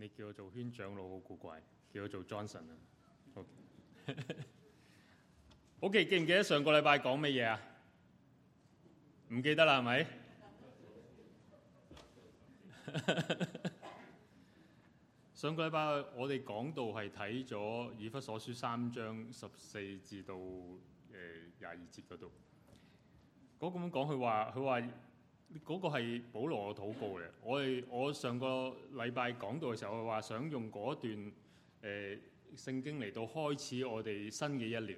你叫我做禤長老好古怪，叫我做 Johnson 啊。好，OK，記唔記得上個禮拜講乜嘢啊？唔記得啦，係咪？ 上個禮拜我哋講到係睇咗以弗所書三章十四至到誒廿二節嗰度，嗰咁講佢話佢話。嗰、那個係保羅嘅禱告嘅，我哋我上個禮拜講到嘅時候，我話想用嗰段誒、呃、聖經嚟到開始我哋新嘅一年，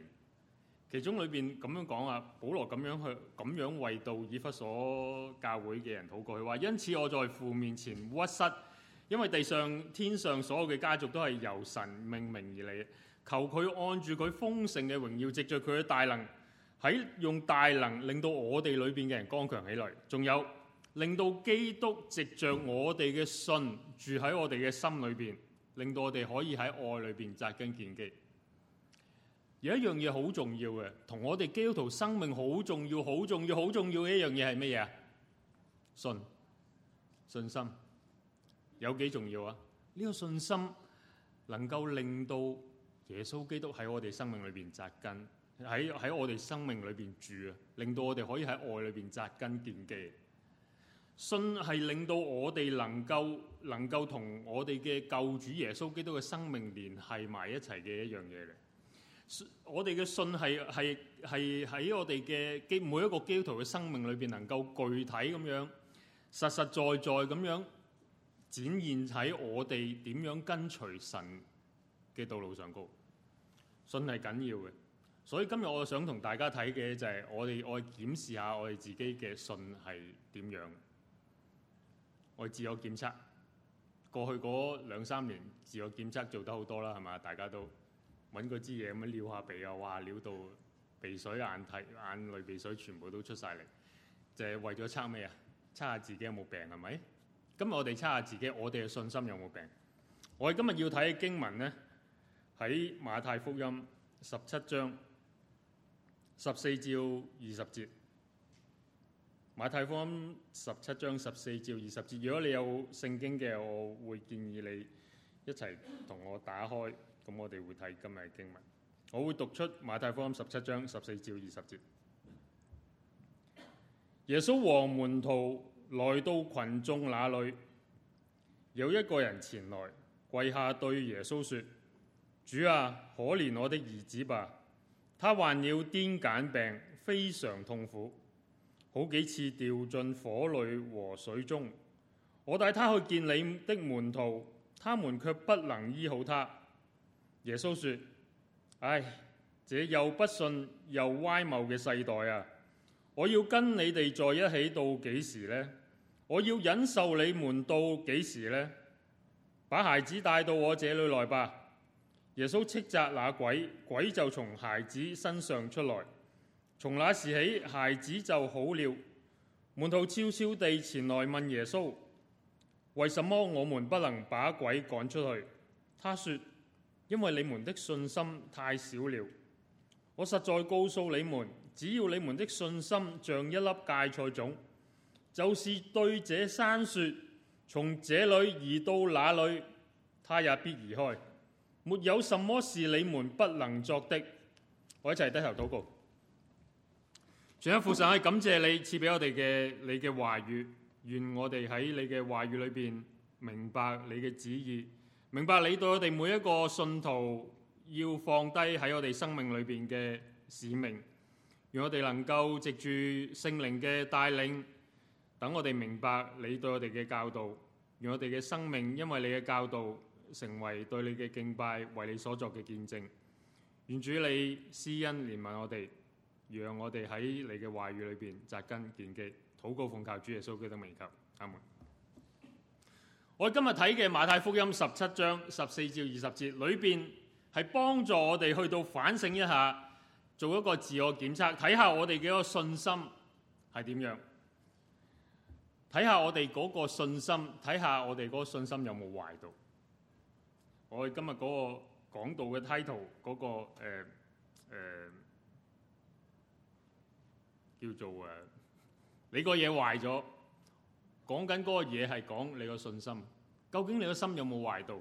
其中裏邊咁樣講啊，保羅咁樣去咁樣為到以弗所教會嘅人禱告，佢話：因此我在父面前屈膝，因為地上天上所有嘅家族都係由神命名而嚟，求佢按住佢豐盛嘅榮耀，藉著佢嘅大能。喺用大能令到我哋裏邊嘅人剛強起來，仲有令到基督藉着我哋嘅信住喺我哋嘅心裏邊，令到我哋可以喺愛裏邊紮根建基。有一樣嘢好重要嘅，同我哋基督徒生命好重要、好重要、好重要嘅一樣嘢係乜嘢啊？信，信心有幾重要啊？呢個信心能夠令到耶穌基督喺我哋生命裏邊紮根。喺喺我哋生命裏邊住啊，令到我哋可以喺愛裏邊扎根建基。信係令到我哋能夠能夠同我哋嘅救主耶穌基督嘅生命連繫埋一齊嘅一樣嘢嚟。我哋嘅信係係係喺我哋嘅基每一個基督徒嘅生命裏邊，能夠具體咁樣實實在在咁樣展現喺我哋點樣跟隨神嘅道路上高。信係緊要嘅。所以今日我想同大家睇嘅就係我哋我檢視下我哋自己嘅信係點樣。我自我檢測過去嗰兩三年自我檢測做得好多啦，係嘛？大家都揾嗰支嘢咁樣撩下鼻啊，哇！撩到鼻水、眼涕，眼淚、鼻水全部都出晒嚟，就係為咗測咩啊？測下自己有冇病係咪？今日我哋測下自己，我哋嘅信心有冇病？我哋今日要睇嘅經文咧，喺馬太福音十七章。十四至二十節，馬太福音十七章十四至二十節。如果你有聖經嘅，我會建議你一齊同我打開，咁我哋會睇今日經文。我會讀出馬太福音十七章十四至二十節。 耶穌和門徒來到群眾那裡，有一個人前來跪下對耶穌說：主啊，可憐我的兒子吧。他患了癲癇病，非常痛苦，好幾次掉進火裏和水中。我帶他去見你的門徒，他們卻不能醫好他。耶穌說，唉，這又不信又悖謬嘅世代啊！我要跟你哋在一起到幾時呢？我要忍受你們到幾時呢？把孩子帶到我這裏來吧。耶穌斥責那鬼，鬼就從孩子身上出來。從那時起，孩子就好了。門徒悄悄地前來問耶穌：為什麼我們不能把鬼趕出去？他說：因為你們的信心太少了。我實在告訴你們，只要你們的信心像一粒芥菜種，就是對這山說：從這裏移到那裏，他也必移開。沒有什麼是你們不能作的。我一齊低頭禱告。主啊，父神，我感謝你賜俾我哋嘅你嘅話語，願我哋喺你嘅話語裏邊明白你嘅旨意，明白你對我哋每一個信徒要放低喺我哋生命裏邊嘅使命，讓我哋能夠藉住聖靈嘅帶領，等我哋明白你對我哋嘅教導，讓我哋嘅生命因為你嘅教導。成為對你嘅敬拜，為你所作嘅見證。願主你施恩憐憫我哋，讓我哋喺你嘅話語裏邊紮根建基。禱告奉靠主耶穌基督名求，阿門。我今日睇嘅馬太福音十七章十四至二十節裏邊，係幫助我哋去到反省一下，做一個自我檢測，睇下我哋嘅一個信心係點樣，睇下我哋嗰個信心，睇下我哋嗰個信心有冇壞到？我哋今日嗰個講道嘅 title 嗰，那個誒誒，呃呃，叫做誒，你個嘢壞咗，講緊嗰個嘢係講你個信心，究竟你個心有冇壞到？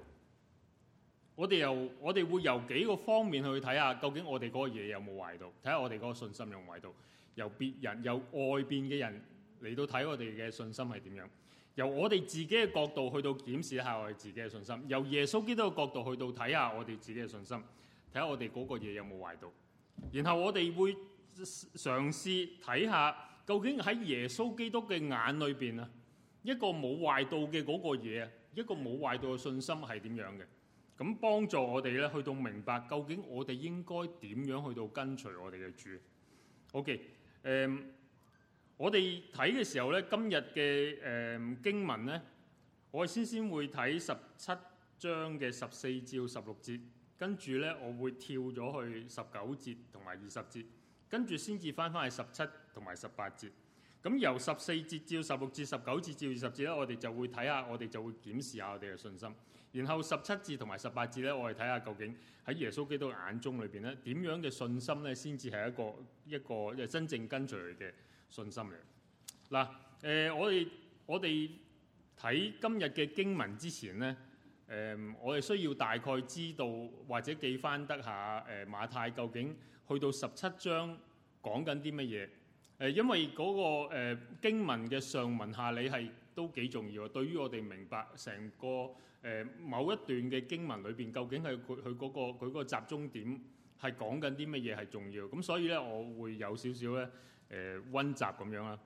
我哋由我哋會由幾個方面去睇下，究竟我哋嗰個嘢有冇壞到？睇下我哋嗰個信心有冇壞到？由別人由外邊嘅人嚟到睇我哋嘅信心係點樣。由我哋自己嘅角度去到檢視一下我哋自己嘅信心，由耶穌基督嘅角度去到睇下我哋自己嘅信心，睇下我哋嗰個嘢有冇壞咗，然後我哋會嘗試睇下究竟喺耶穌基督嘅眼裏邊啊，一個冇壞咗嘅嗰個嘢，一個冇壞咗嘅信心係點樣嘅？咁幫助我哋咧，去到明白究竟我哋應該點樣去到跟隨我哋嘅主。OK，誒、嗯。我哋睇嘅時候呢，今日嘅誒經文呢，我先先會睇十七章嘅十四至十六節，跟住呢，我會跳咗去十九節同埋二十節，跟住先至翻翻去十七同埋十八節。咁由十四節至十六節、十九節至二十節呢，我哋就會睇下，我哋就會檢視下我哋嘅信心。然後十七節同埋十八節呢，我哋睇下究竟喺耶穌基督眼中裏邊呢，點樣嘅信心呢？先至係一個一個真正跟隨嘅。信心嚟，嗱，誒、呃，我哋我哋睇今日嘅經文之前咧，誒、呃，我哋需要大概知道或者記翻得下，誒、呃，馬太究竟去到十七章講緊啲乜嘢？誒、呃，因為嗰、那個誒、呃、經文嘅上文下理係都幾重要，對於我哋明白成個誒、呃、某一段嘅經文裏邊究竟係佢佢嗰個佢嗰個集中點係講緊啲乜嘢係重要，咁所以咧，我會有點少少咧。誒溫習咁樣啦，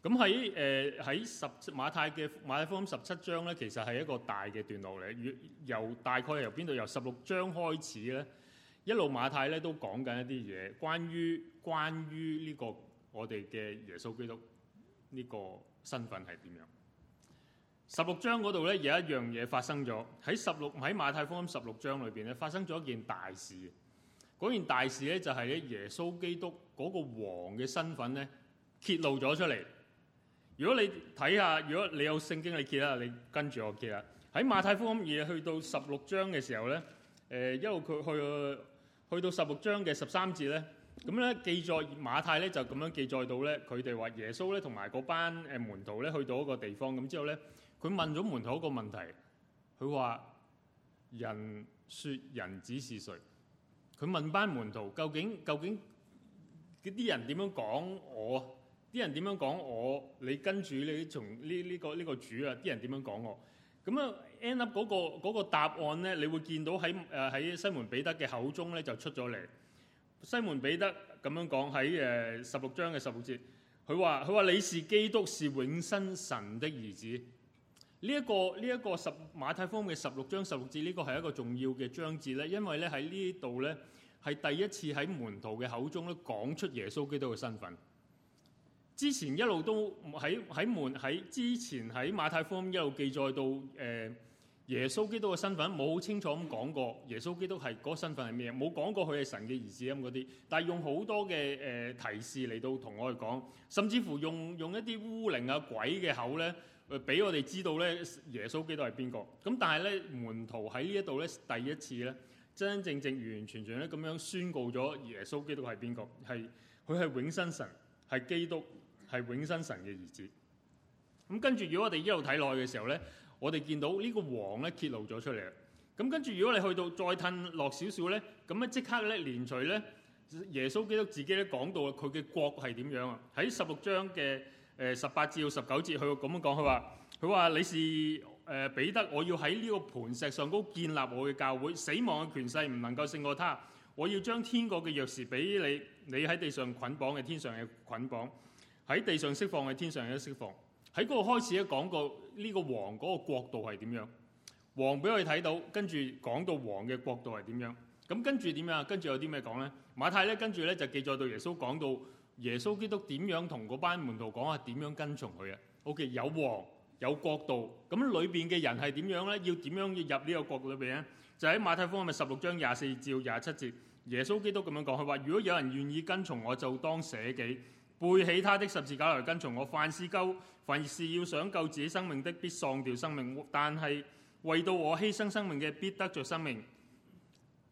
咁喺誒喺十馬太嘅馬太福音十七章咧，其實係一個大嘅段落嚟。由大概由邊度由十六章開始咧，一路馬太咧都講緊一啲嘢，關於關於呢個我哋嘅耶穌基督呢個身份係點樣？十六章嗰度咧有一樣嘢發生咗，喺十六喺馬太福音十六章裏邊咧發生咗一件大事。嗰件大事咧就係、是、咧耶穌基督嗰個王嘅身份咧揭露咗出嚟。如果你睇下，如果你有聖經，你揭啦，你跟住我揭啦。喺馬太福音去到十六章嘅時候咧，誒、呃，因為一路佢去去，去到十六章嘅十三節咧，咁咧記載馬太咧就咁樣記載到咧，佢哋話耶穌咧同埋嗰班誒門徒咧去到一個地方，咁之後咧，佢問咗門徒一個問題，佢話：人説人子是誰？佢問班門徒究竟究竟啲人點樣講我？啲人點樣講我？你跟住你從呢呢個呢、這個主啊，啲人點樣講我？咁啊，end up 嗰、那個那個答案咧，你會見到喺誒喺西門彼得嘅口中咧就出咗嚟。西門彼得咁樣講喺誒十六章嘅十六節，佢話佢話你是基督，是永生神的兒子。呢、這、一個呢一、這個十馬太福音嘅十六章十六節呢、這個係一個重要嘅章節咧，因為咧喺呢度咧係第一次喺門徒嘅口中咧講出耶穌基督嘅身份。之前一路都喺喺門喺之前喺馬太福音一路記載到誒、呃、耶穌基督嘅身份冇好清楚咁講過耶穌基督係嗰、那個、身份係咩，冇講過佢係神嘅兒子咁嗰啲，但係用好多嘅誒、呃、提示嚟到同我哋講，甚至乎用用一啲污靈啊鬼嘅口咧。俾我哋知道咧，耶穌基督係邊個？咁但係咧，門徒喺呢一度咧，第一次咧，真真正正完完全全咧，咁樣宣告咗耶穌基督係邊個？係佢係永生神，係基督，係永生神嘅兒子。咁跟住，如果我哋一路睇落去嘅時候咧，我哋見到呢個王咧揭露咗出嚟。咁跟住，如果你去到再褪落少少咧，咁咧即刻咧連隨咧，耶穌基督自己咧講到佢嘅國係點樣啊？喺十六章嘅。誒十八至到十九節，佢咁樣講，佢話：佢話你是誒、呃、彼得，我要喺呢個磐石上高建立我嘅教會，死亡嘅權勢唔能夠勝過他。我要將天國嘅鑰匙俾你，你喺地上捆綁嘅天上嘅捆綁，喺地上釋放嘅天上嘅釋放。喺嗰個開始咧講過呢、這個王嗰個國度係點樣，王俾我哋睇到，跟住講到王嘅國度係點樣。咁跟住點樣？跟住有啲咩講咧？馬太咧跟住咧就記載到耶穌講到。耶穌基督點樣同嗰班門徒講啊？點樣跟從佢啊？O.K. 有王有國度，咁裏邊嘅人係點樣呢？要點樣入呢個國裏邊咧？就喺馬太福音咪十六章廿四至廿七節，耶穌基督咁樣講，佢話如果有人願意跟從我，就當捨己，背起他的十字架來跟從我。凡事救，凡是要想救自己生命的，必喪掉生命；但係為到我犧牲生命嘅，必得着生命。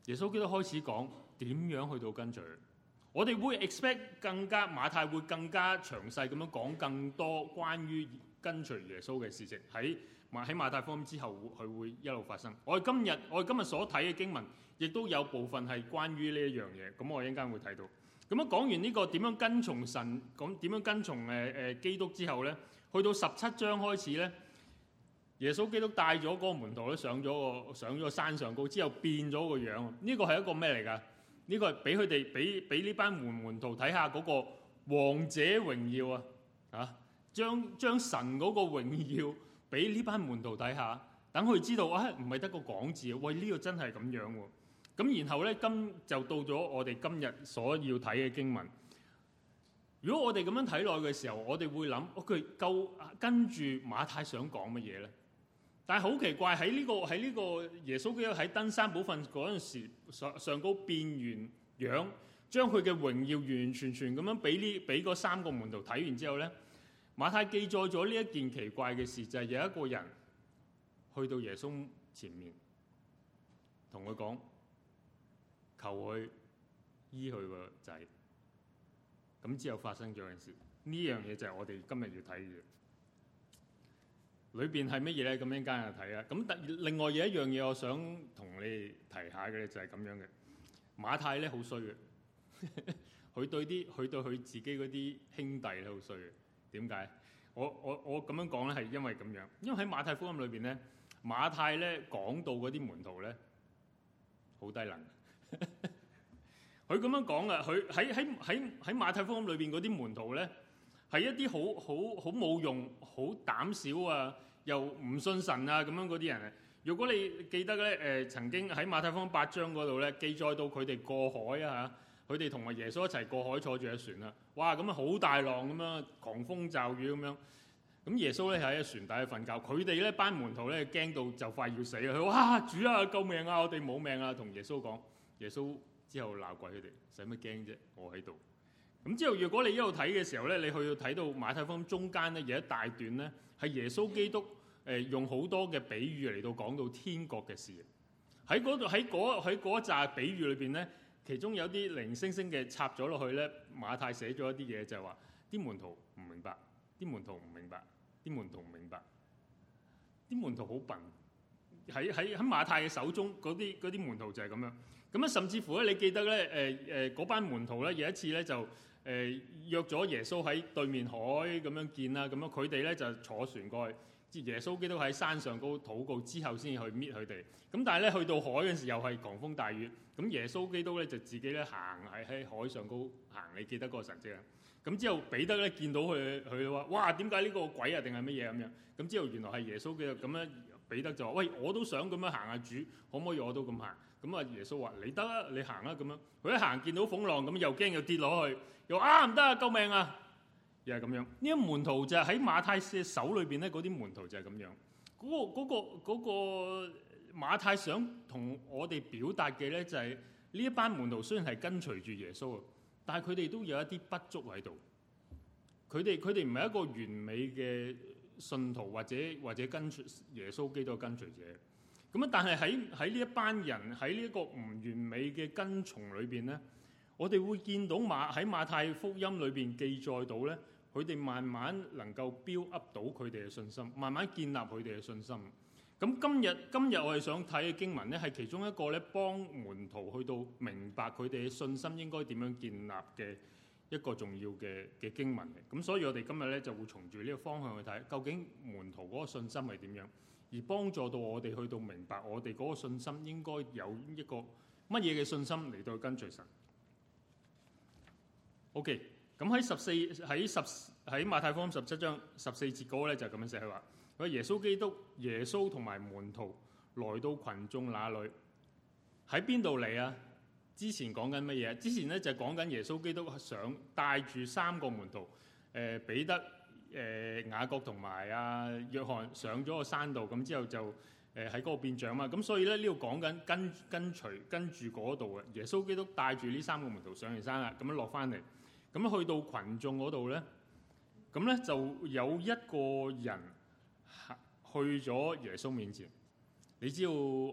耶穌基督開始講點樣去到跟隨他。我哋會 expect 更加馬太會更加詳細咁樣講更多關於跟隨耶穌嘅事情，喺馬喺馬太方面之後，佢會，會一路發生。我哋今日我哋今日所睇嘅經文，亦都有部分係關於呢一樣嘢。咁我一陣間會睇到。咁樣講完呢個點樣跟從神，咁點樣跟從誒誒基督之後咧，去到十七章開始咧，耶穌基督帶咗嗰個門徒上咗個上咗個山上高，之後變咗個樣。呢個係一個咩嚟㗎？呢個係俾佢哋，俾俾呢班門門徒睇下嗰個王者榮耀啊！啊，將將神嗰個榮耀俾呢班門徒睇下，等佢知道啊，唔係得個講字啊！喂，呢個真係咁樣喎！咁然後咧，今就到咗我哋今日所要睇嘅經文。如果我哋咁樣睇落去嘅時候，我哋會諗，究竟跟住馬太想講乜嘢咧？但係好奇怪喺呢、這個喺呢、這個耶穌喺登山寶訓嗰陣時候上上高變完樣，將佢嘅榮耀完完全全咁樣俾呢俾嗰三個門徒睇完之後咧，馬太記載咗呢一件奇怪嘅事，就係、是、有一個人去到耶穌前面，同佢講求佢醫佢個仔，咁之後發生咗件事。呢樣嘢就係我哋今日要睇嘅裏邊係乜嘢咧？咁樣間日睇啦。咁第另外嘢一樣嘢，我想同你提一下嘅就係咁樣嘅。馬太咧好衰嘅，佢 對啲佢對佢自己嗰啲兄弟咧好衰嘅。點解？我我我咁樣講咧係因為咁樣。因為喺馬太福音裏邊咧，馬太咧講到嗰啲門徒咧，好低能。佢 咁樣講啊，佢喺喺喺喺馬太福音裏邊嗰啲門徒咧。係一啲好好好冇用、好膽小啊，又唔信神啊咁樣嗰啲人啊。如果你記得咧，誒、呃、曾經喺馬太福音八章嗰度咧記載到佢哋過海啊嚇，佢哋同阿耶穌一齊過海坐住架船啊，哇，咁啊好大浪咁啊，狂風驟雨咁樣。咁耶穌咧喺一船底去瞓覺，佢哋咧班門徒咧驚到就快要死啊。佢話：哇，主啊，救命啊，我哋冇命啊！同耶穌講，耶穌之後鬧鬼佢哋，使乜驚啫？我喺度。咁之後，如果你一路睇嘅時候咧，你去到睇到馬太福音中間咧，有一大段咧，係耶穌基督誒、呃、用好多嘅比喻嚟到講到天國嘅事。喺嗰度喺喺一紮比喻裏邊咧，其中有啲零星星嘅插咗落去咧，馬太寫咗一啲嘢就話、係、啲門徒唔明白，啲門徒唔明白，啲門徒唔明白，啲門徒好笨。喺喺喺馬太嘅手中嗰啲啲門徒就係咁樣。咁啊，甚至乎咧，你記得咧誒誒嗰班門徒咧，有一次咧就，誒、嗯、約咗耶穌喺對面海咁樣見啦，咁樣佢哋咧就坐船過去。即耶穌基督喺山上高禱告之後，先去搣佢哋。咁但係咧，去到海嗰陣時，又係狂風大雨。咁耶穌基督咧就自己咧行喺喺海上高行，你記得嗰個神跡啊？咁之後彼得咧見到佢佢話，哇，點解呢個鬼啊？定係乜嘢咁樣？咁之後原來係耶穌基督咁樣。彼得就話，喂，我都想咁樣行下、啊、主，可唔可以我都咁行？咁啊，耶穌話：你得啊，你行啊咁樣。佢一行見到風浪，咁又驚又跌落去。又啱唔得啊！救命啊！又係咁樣，呢一門徒就喺馬太嘅手裏邊咧。嗰啲門徒就係咁樣。嗰個嗰個嗰個馬太想同我哋表達嘅咧，就係呢一班門徒雖然係跟隨住耶穌，但係佢哋都有一啲不足喺度。佢哋佢哋唔係一個完美嘅信徒，或者或者跟隨耶穌基督嘅跟隨者。咁啊，但係喺喺呢一班人喺呢一個唔完美嘅跟從裏邊咧。我哋會見到馬喺馬太福音裏邊記載到呢，佢哋慢慢能夠 build up 到佢哋嘅信心，慢慢建立佢哋嘅信心。咁今日今日我哋想睇嘅經文呢，係其中一個咧幫門徒去到明白佢哋嘅信心應該點樣建立嘅一個重要嘅嘅經文嚟。咁所以我哋今日咧就會從住呢個方向去睇，究竟門徒嗰個信心係點樣，而幫助到我哋去到明白我哋嗰個信心應該有一個乜嘢嘅信心嚟到跟隨神。OK，咁喺十四喺十喺馬太福音十七章十四節嗰個咧就咁、是、樣寫佢話，嗰耶穌基督、耶穌同埋門徒來到群眾那裡。喺邊度嚟啊？之前講緊乜嘢？之前咧就講、是、緊耶穌基督想帶住三個門徒，誒、呃、彼得、誒、呃、雅各同埋啊約翰上咗個山度，咁之後就誒喺嗰個變像嘛。咁所以咧呢度講緊跟跟隨跟住嗰度嘅耶穌基督帶住呢三個門徒上完山啦，咁樣落翻嚟。咁去到群眾嗰度咧，咁咧就有一個人去咗耶穌面前。你知道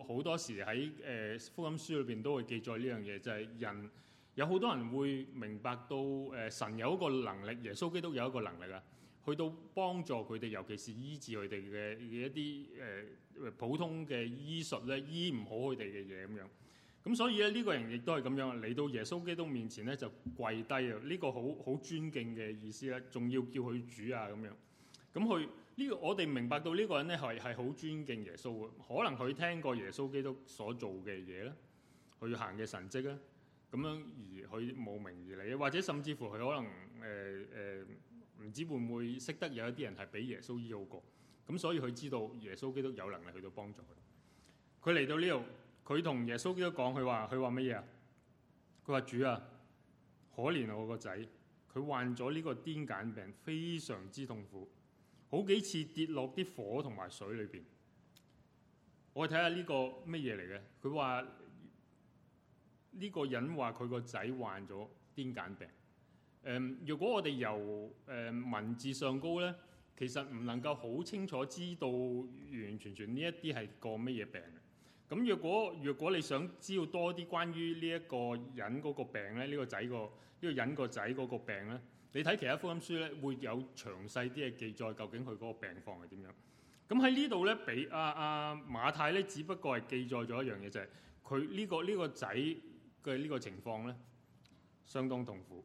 好多時喺誒福音書裏邊都會記載呢樣嘢，就係人有好多人會明白到誒神有一個能力，耶穌基督有一個能力啊，去到幫助佢哋，尤其是醫治佢哋嘅一啲誒普通嘅醫術咧，醫唔好佢哋嘅嘢咁樣。咁所以咧，呢、這個人亦都係咁樣嚟到耶穌基督面前咧，就跪低、這個、啊！呢個好好尊敬嘅意思咧，仲要叫佢煮啊咁樣。咁佢呢個我哋明白到呢個人咧係係好尊敬耶穌嘅，可能佢聽過耶穌基督所做嘅嘢咧，佢行嘅神跡咧，咁樣而佢慕名而嚟，或者甚至乎佢可能誒誒唔知會唔會識得有一啲人係比耶穌醫好過，咁所以佢知道耶穌基督有能力去幫到幫助佢。佢嚟到呢度。佢同耶穌一講，佢話：佢話乜嘢啊？佢話：主啊，可憐我的他個仔，佢患咗呢個癲癇病，非常之痛苦，好幾次跌落啲火同埋水裏邊。我睇下呢個乜嘢嚟嘅？佢話呢個人話佢個仔患咗癲癇病。誒、嗯，如果我哋由誒、嗯、文字上高咧，其實唔能夠好清楚知道完完全全呢一啲係個乜嘢病。咁若果若果你想知道多啲關於呢一個人嗰個病咧，呢個仔個呢個人個仔嗰個病咧，你睇其他福音書咧，會有詳細啲嘅記載究竟佢嗰個病況係點樣。咁喺呢度咧，俾阿阿馬太咧，只不過係記載咗一樣嘢，就係佢呢個呢個仔嘅呢個情況咧，相當痛苦，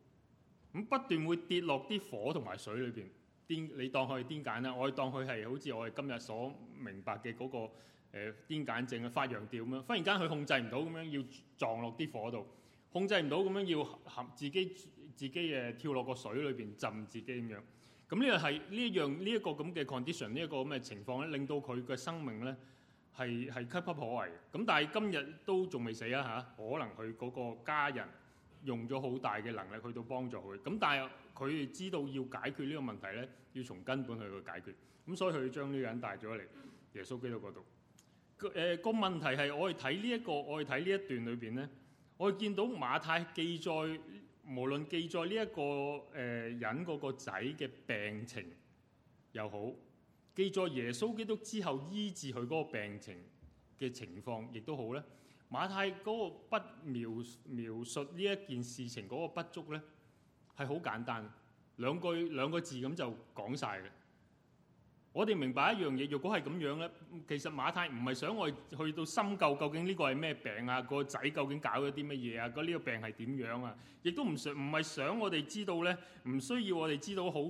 咁不斷會跌落啲火同埋水裏邊，癲你當佢係癲癇啦，我哋當佢係好似我哋今日所明白嘅嗰個。誒癲癇症嘅發羊吊咁樣，忽然間佢控制唔到咁樣，要撞落啲火度，控制唔到咁樣要自己自己誒跳落個水裏邊浸自己咁樣。咁呢個係呢一樣呢一個咁嘅 condition，呢一個咁嘅情況咧，令到佢嘅生命咧係係岌岌可危。咁但係今日都仲未死啊嚇，可能佢嗰個家人用咗好大嘅能力去到幫助佢。咁但係佢知道要解決呢個問題咧，要從根本去去解決。咁所以佢將呢個人帶咗嚟耶穌基督嗰度。誒個、呃、個問題係我哋睇呢一個，我哋睇呢一段裏邊咧，我哋見到馬太記載無論記載呢一個誒、呃、人嗰個仔嘅病情又好，記載耶穌基督之後醫治佢嗰個病情嘅情況，亦都好咧。馬太嗰個筆描描述呢一件事情嗰個不足咧，係好簡單，兩句兩個字咁就講晒嘅。我哋明白一樣嘢，如果係噉樣呢，其實馬太唔係想我哋去到深究究竟呢個係咩病啊，個仔究竟搞咗啲乜嘢啊，嗰、這、呢個病係點樣啊？亦都唔想唔係想我哋知道呢，唔需要我哋知道好好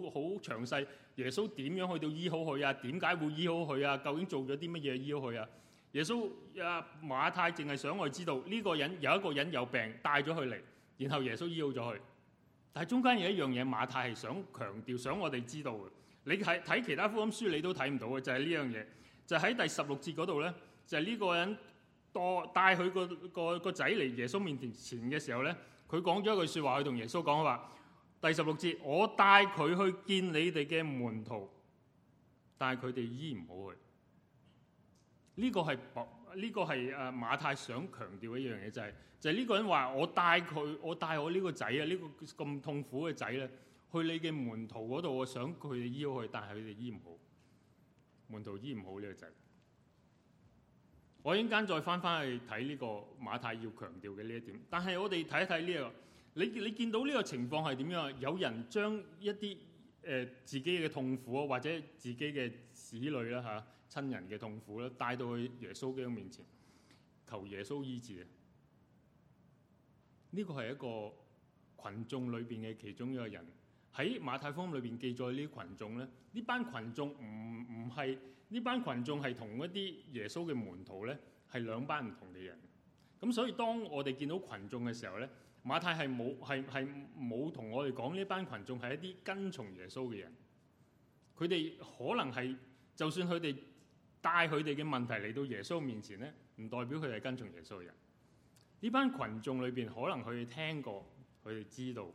詳細耶穌點樣去到醫好佢啊？點解會醫好佢啊？究竟做咗啲乜嘢醫好佢啊？耶穌啊，馬太淨係想我哋知道呢、這個人有一個人有病帶咗佢嚟，然後耶穌醫好咗佢。但係中間有一樣嘢，馬太係想強調，想我哋知道嘅你睇睇其他福音書，你都睇唔到嘅，就係呢樣嘢，就喺第十六節嗰度咧，就係、是、呢個人帶帶佢個個個仔嚟耶穌面前前嘅時候咧，佢講咗一句説話，佢同耶穌講話：第十六節，我帶佢去見你哋嘅門徒，但係佢哋醫唔好佢。呢個係」呢、這個係呢個係誒馬太想強調的一樣嘢，就係就係呢個人話：我帶佢，我帶我呢個仔啊，呢、呢個咁痛苦嘅仔咧。去你嘅門徒嗰度，我想佢哋醫佢，但係佢哋醫唔好。門徒醫唔好呢個仔。我一陣間再翻翻去睇呢、這個馬太要強調嘅呢一點，但係我哋睇一睇呢、這個，你你見到呢個情況係點樣？有人將一啲誒、呃、自己嘅痛苦啊，或者自己嘅子女啦、嚇、啊、親人嘅痛苦啦，帶到去耶穌嘅面前求耶穌醫治。呢、這個係一個群眾裏邊嘅其中一個人。喺馬太福音裏邊記載呢啲群眾咧，呢班群眾唔唔係，呢班群眾係同一啲耶穌嘅門徒咧，係兩班唔同嘅人。咁所以當我哋見到群眾嘅時候咧，馬太係冇係係冇同我哋講呢班群眾係一啲跟從耶穌嘅人。佢哋可能係，就算佢哋帶佢哋嘅問題嚟到耶穌面前咧，唔代表佢係跟從耶穌嘅人。呢班群眾裏邊可能佢哋聽過，佢哋知道。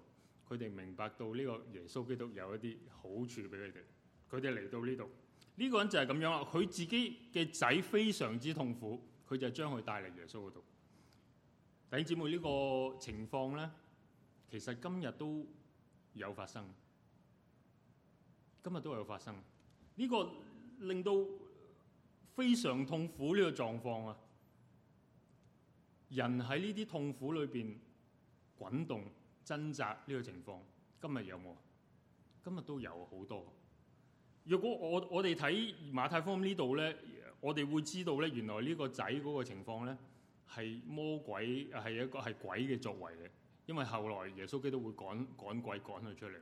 佢哋明白到呢個耶穌基督有一啲好處俾佢哋，佢哋嚟到呢度，呢個人就係咁樣啊！佢自己嘅仔非常之痛苦，佢就將佢帶嚟耶穌嗰度。弟兄姊妹，呢個情況咧，其實今日都有發生，今日都有發生。呢個令到非常痛苦呢個狀況啊，人喺呢啲痛苦裏邊滾動。掙扎呢個情況，今日有冇？今日都有好多。若果我我哋睇馬太福音呢度呢，我哋會知道呢，原來呢個仔嗰個情況呢，係魔鬼，係一個係鬼嘅作為嘅。因為後來耶穌基督會趕趕鬼趕佢出嚟。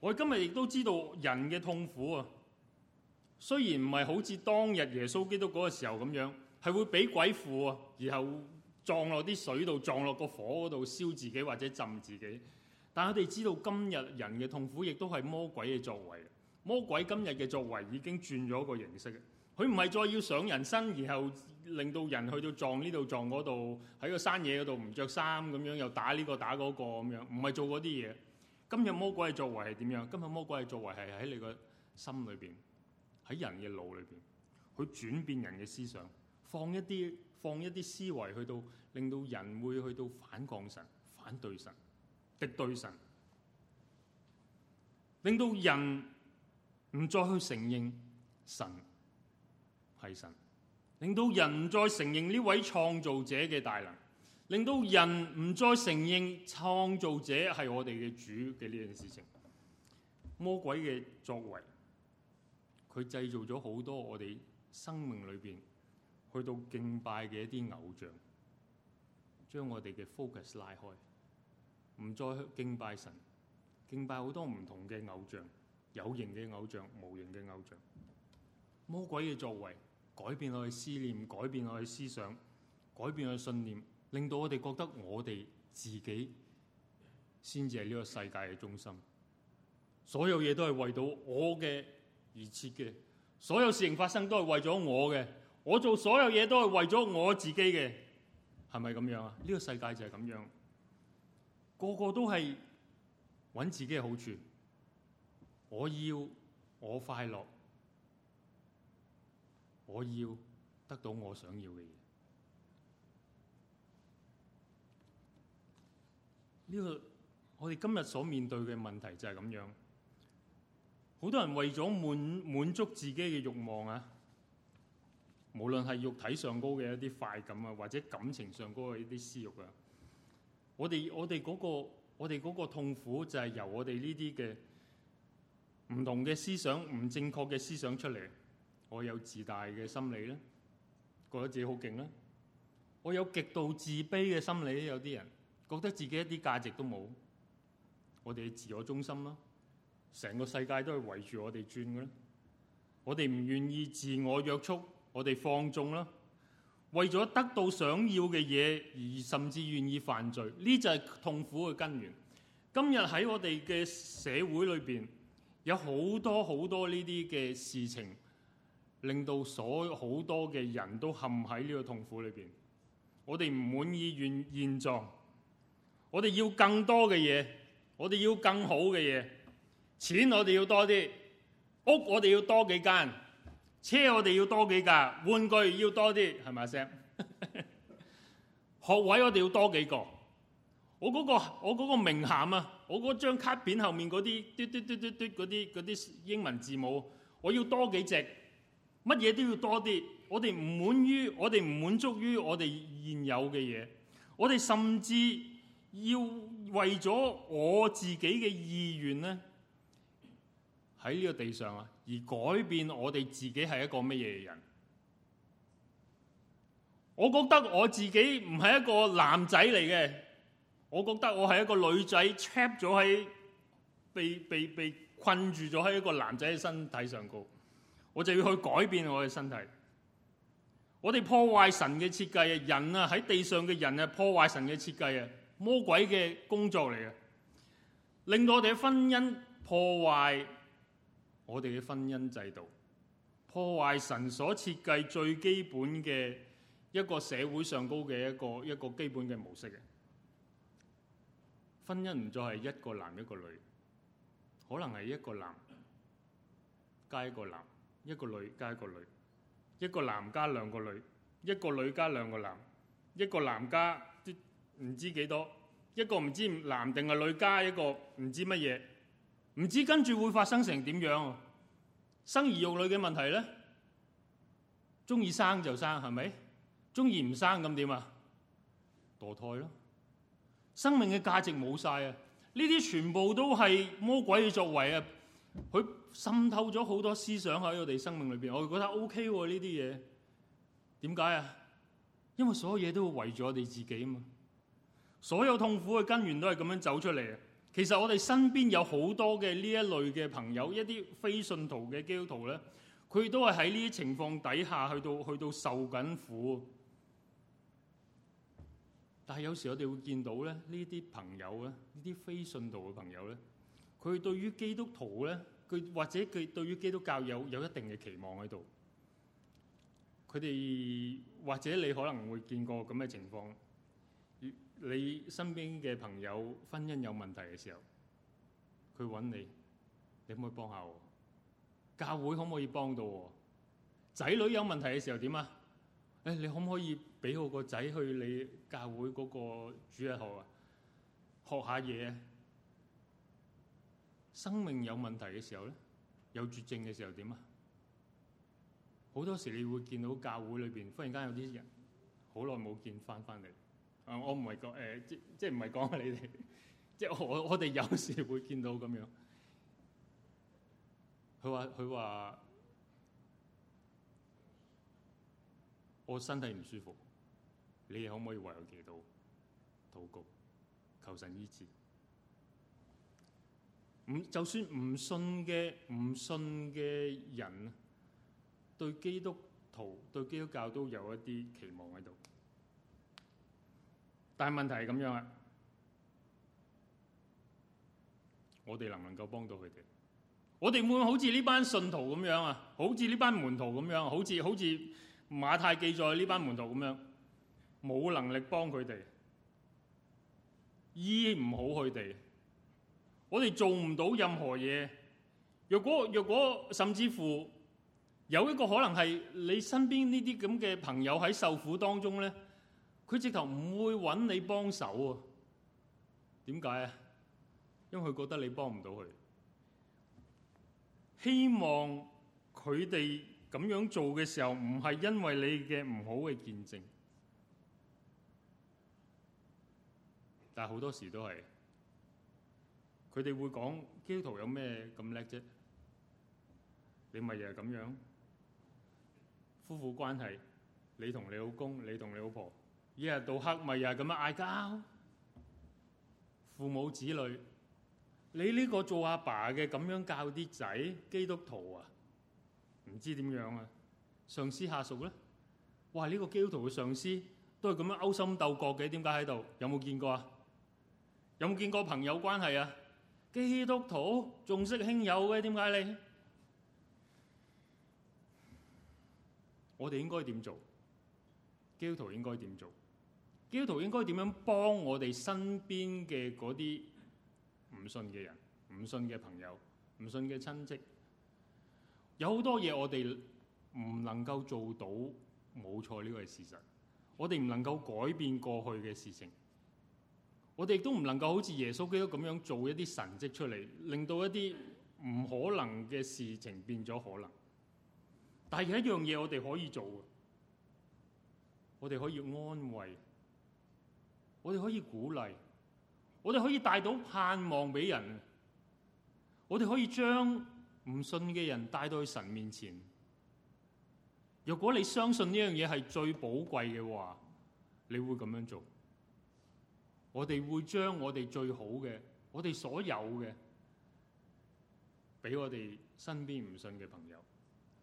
我哋今日亦都知道人嘅痛苦啊！雖然唔係好似當日耶穌基督嗰個時候咁樣，係會俾鬼附啊，然後。撞落啲水度，撞落個火度燒自己或者浸自己。但係我哋知道今日人嘅痛苦，亦都係魔鬼嘅作為。魔鬼今日嘅作為已經轉咗個形式，佢唔係再要上人身，然後令到人去到撞呢度撞嗰度，喺個山野嗰度唔着衫咁樣，又打呢個打嗰個咁樣，唔係做嗰啲嘢。今日魔鬼嘅作為係點樣？今日魔鬼嘅作為係喺你個心裏邊，喺人嘅腦裏邊，去轉變人嘅思想，放一啲。放一啲思維去到，令到人會去到反抗神、反對神、敵對神，令到人唔再去承認神係神，令到人唔再承認呢位創造者嘅大能，令到人唔再承認創造者係我哋嘅主嘅呢件事情。魔鬼嘅作為，佢製造咗好多我哋生命裏邊。去到敬拜嘅一啲偶像，將我哋嘅 focus 拉開，唔再敬拜神，敬拜好多唔同嘅偶像，有形嘅偶像、無形嘅偶像，魔鬼嘅作為改變我嘅思念，改變我嘅思想，改變我嘅信念，令到我哋覺得我哋自己先至係呢個世界嘅中心，所有嘢都係為到我嘅而設嘅，所有事情發生都係為咗我嘅。我做所有嘢都係為咗我自己嘅，係咪咁樣啊？呢個世界就係咁樣，個個都係揾自己嘅好處。我要我快樂，我要得到我想要嘅嘢。呢個我哋今日所面對嘅問題就係咁樣，好多人為咗滿滿足自己嘅欲望啊。無論係肉體上高嘅一啲快感啊，或者感情上高嘅一啲私慾啊，我哋我哋嗰個我哋嗰個痛苦就係由我哋呢啲嘅唔同嘅思想、唔正確嘅思想出嚟。我有自大嘅心理咧，覺得自己好勁咧；我有極度自卑嘅心理，有啲人覺得自己一啲價值都冇。我哋自我中心啦，成個世界都係圍住我哋轉嘅。我哋唔願意自我約束。我哋放縱啦，為咗得到想要嘅嘢而甚至願意犯罪，呢就係痛苦嘅根源。今日喺我哋嘅社會裏面，有好多好多呢啲嘅事情，令到所好多嘅人都陷喺呢個痛苦裏面。我哋唔滿意願現現狀，我哋要更多嘅嘢，我哋要更好嘅嘢，錢我哋要多啲，屋我哋要多幾間，車我哋要多幾架，玩具要多啲，係咪阿聲？ 學位我哋要多幾個，我嗰個，我嗰個名銜啊，我嗰張卡片後面嗰啲嘟嘟嘟嘟嘟啲啲英文字母，我要多幾隻，乜嘢都要多啲，我哋唔滿於我哋唔滿足於我哋現有嘅嘢，我哋甚至要為咗我自己嘅意願咧。喺呢個地上啊，而改變我哋自己係一個乜嘢人？我覺得我自己唔係一個男仔嚟嘅，我覺得我係一個女仔 trapped 咗喺被被被困住咗喺一個男仔嘅身體上高，我就要去改變我嘅身體。我哋破壞神嘅設計啊，人啊，喺地上嘅人啊，破壞神嘅設計啊，魔鬼嘅工作嚟嘅，令到我哋嘅婚姻破壞。我哋嘅婚姻制度破壞，神所設計最基本嘅一個社會上高嘅一個一個基本嘅模式嘅婚姻，唔再係一個男一個女，可能係一個男加一個男，一個女加一個女，一個男加兩個女，一個女加兩個男，一個男加唔知幾多，一個唔知男定係女加一個唔知乜嘢。唔知跟住會發生成點樣？生兒育女嘅問題咧，中意生就生，係咪？中意唔生咁點啊？墮胎咯！生命嘅價值冇晒啊！呢啲全部都係魔鬼嘅作為啊！佢滲透咗好多思想喺我哋生命裏面。我覺得 O K 喎呢啲嘢。點解啊？因為所有嘢都會圍住我哋自己啊嘛！所有痛苦嘅根源都係咁樣走出嚟啊！其實我哋身邊有好多嘅呢一類嘅朋友，一啲非信徒嘅基督徒咧，佢都係喺呢啲情況底下去到去到受緊苦。但係有時我哋會見到咧，呢啲朋友咧，呢啲非信徒嘅朋友咧，佢對於基督徒咧，佢或者佢對於基督教有有一定嘅期望喺度。佢哋或者你可能會見過咁嘅情況。你身邊嘅朋友婚姻有問題嘅時候，佢揾你，你可唔可以幫下我？教會可唔可以幫到我？仔女有問題嘅時候點啊？你可唔可以俾我個仔去你教會嗰個主日學啊？學下嘢。生命有問題嘅時候呢，有絕症嘅時候點啊？好多時你會見到教會裏面忽然間有啲人好耐冇見返返嚟。啊！我唔係講誒，即即唔係講你哋，即我我哋有時會見到咁樣。佢話佢話我身體唔舒服，你可唔可以為我祈禱禱告求神醫治？唔，就算唔信嘅唔信嘅人，對基督徒對基督教都有一啲期望喺度。但係問題係咁樣啊！我哋能唔能夠幫到佢哋？我哋會好似呢班信徒咁樣啊？好似呢班門徒咁樣？好似好似馬太記載呢班門徒咁樣？冇能力幫佢哋，醫唔好佢哋。我哋做唔到任何嘢。若果若果，甚至乎有一個可能係你身邊呢啲咁嘅朋友喺受苦當中咧。佢直頭唔會揾你幫手啊！點解啊？因為佢覺得你幫唔到佢。希望佢哋咁樣做嘅時候，唔係因為你嘅唔好嘅見證。但係好多時都係，佢哋會講基督徒有咩咁叻啫？你咪又係咁樣。夫婦關係，你同你老公，你同你老婆。一日到黑咪又係咁樣嗌交，父母子女，你呢個做阿爸嘅咁樣教啲仔，基督徒啊，唔知點樣啊？上司下屬咧，哇呢個基督徒嘅上司都係咁樣勾心鬥角嘅，點解喺度？有冇見過啊？有冇見過朋友關係啊？基督徒重色輕友嘅，點解你？我哋應該點做？基督徒應該點做？基督徒應該點樣幫我哋身邊嘅嗰啲唔信嘅人、唔信嘅朋友、唔信嘅親戚？有好多嘢我哋唔能夠做到，冇錯，呢個係事實。我哋唔能夠改變過去嘅事情，我哋亦都唔能夠好似耶穌基督咁樣做一啲神跡出嚟，令到一啲唔可能嘅事情變咗可能。但係有一樣嘢我哋可以做，我哋可以安慰。我哋可以鼓勵，我哋可以帶到盼望俾人，我哋可以將唔信嘅人帶到去神面前。若果你相信呢樣嘢係最寶貴嘅話，你會咁樣做。我哋會將我哋最好嘅，我哋所有嘅，俾我哋身邊唔信嘅朋友。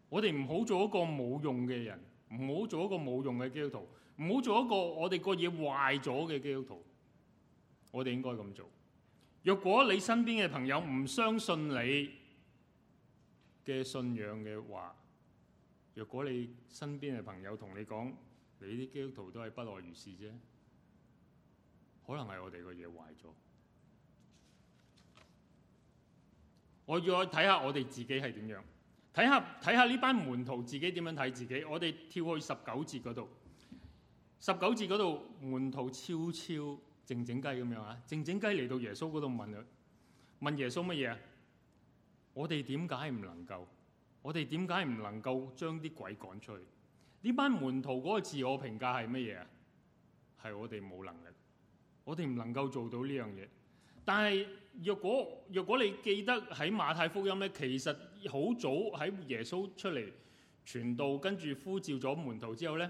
我哋唔好做一個冇用嘅人，唔好做一個冇用嘅基督徒。唔好做一個我哋個嘢壞咗嘅基督徒，我哋應該咁做。若果你身邊嘅朋友唔相信你嘅信仰嘅話，若果你身邊嘅朋友同你講你啲基督徒都係不外如是啫，可能係我哋個嘢壞咗。我要睇下我哋自己係點樣，睇下睇下呢班門徒自己點樣睇自己。我哋跳去十九節嗰度。十九字嗰度，門徒悄悄靜靜雞咁樣啊！靜靜雞嚟到耶穌嗰度問佢：問耶穌乜嘢啊？我哋點解唔能夠？我哋點解唔能夠將啲鬼趕出去？呢班門徒嗰個自我評價係乜嘢啊？係我哋冇能力，我哋唔能夠做到呢樣嘢。但係若果若果你記得喺馬太福音咧，其實好早喺耶穌出嚟傳道，跟住呼召咗門徒之後咧。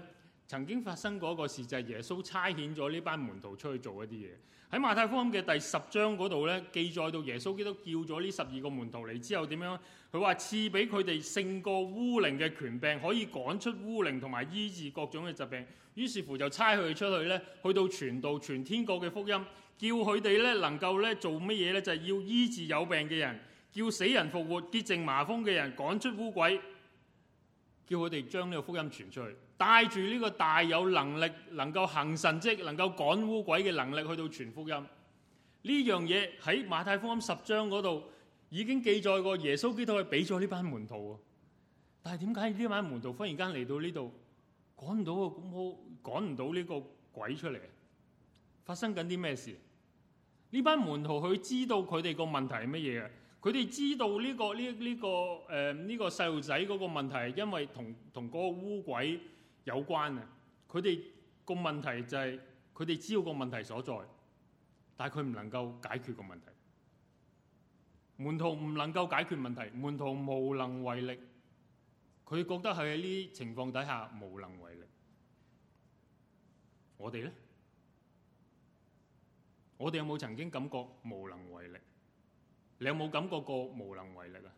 曾經發生過一個事，就係耶穌差遣咗呢班門徒出去做一啲嘢。喺馬太福音嘅第十章嗰度呢，記載到耶穌基督叫咗呢十二個門徒嚟之後，點樣？佢話賜俾佢哋勝過污靈嘅權柄，可以趕出污靈同埋醫治各種嘅疾病。於是乎就差佢哋出去呢，去到傳道、傳天國嘅福音，叫佢哋呢能夠呢做乜嘢呢？就係要醫治有病嘅人，叫死人復活，潔淨麻風嘅人，趕出污鬼，叫佢哋將呢個福音傳出去。帶住呢個大有能力，能夠行神蹟，能夠趕污鬼嘅能力，去到傳福音。呢樣嘢喺馬太福音十章嗰度已經記載過，耶穌基督係俾咗呢班門徒。但係點解呢班門徒忽然間嚟到呢度趕唔到個魔，趕唔到呢個鬼出嚟？發生緊啲咩事？呢班門徒佢知道佢哋個問題係乜嘢啊？佢哋知道呢、呢個呢呢、呢個誒呢、呢個細路仔嗰個的問題係因為同同嗰個污鬼。有關呀，佢哋個問題就係佢哋知道個問題所在，但係佢唔能夠解決個問題。門徒唔能夠解決問題，門徒無能為力，佢覺得係喺呢情況底下無能為力。我哋呢？我哋有冇曾經感覺無能為力？你有冇感覺過無能為力啊？